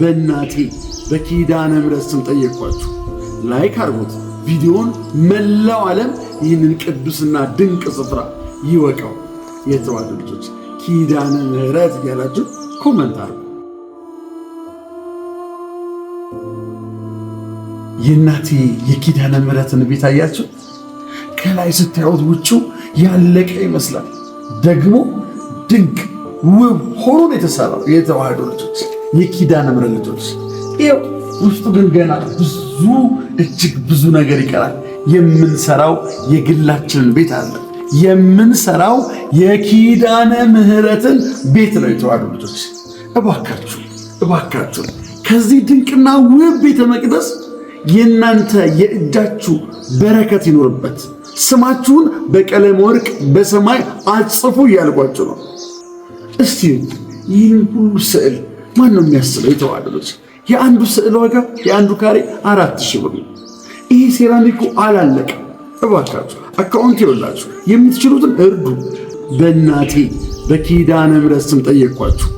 በእናቴ በኪዳነ ምሕረት ስም ጠየቅኳችሁ። ላይክ አድርጉት ቪዲዮን፣ መላው ዓለም ይህንን ቅዱስና ድንቅ ስፍራ ይወቀው። የተዋደ ልጆች ኪዳነ ምሕረት እያላችሁ ኮመንት አርጉ። የእናቴ የኪዳነ ምሕረትን ቤት አያችሁ? ከላይ ስታዩት ውጩ ያለቀ ይመስላል። ደግሞ ድንቅ ውብ ሆኖ የተሰራው የተዋህዶ ልጆች የኪዳነ ምሕረት ልጆች ይኸው ውስጡ ግን ገና ብዙ እጅግ ብዙ ነገር ይቀራል። የምንሰራው የግላችንን ቤት አለ። የምንሰራው የኪዳነ ምሕረትን ቤት ነው። የተዋሕዶ ልጆች እባካችሁ እባካችሁ ከዚህ ድንቅና ውብ ቤተ መቅደስ የእናንተ የእጃችሁ በረከት ይኖርበት። ስማችሁን በቀለም ወርቅ በሰማይ አጽፉ እያልኳችሁ ነው። እስቲ ይህን ሁሉ ስዕል ማን ነው የሚያስበው? የተዋለሉት የአንዱ ስዕል ዋጋ የአንዱ ካሬ አራት ሺህ ብር። ይሄ ሴራሚኩ አላለቀ። እባካችሁ አካውንት ይውላችሁ፣ የምትችሉትን እርዱ። በእናቴ በኪዳነ ምሕረት ስም ጠየቅኳችሁ።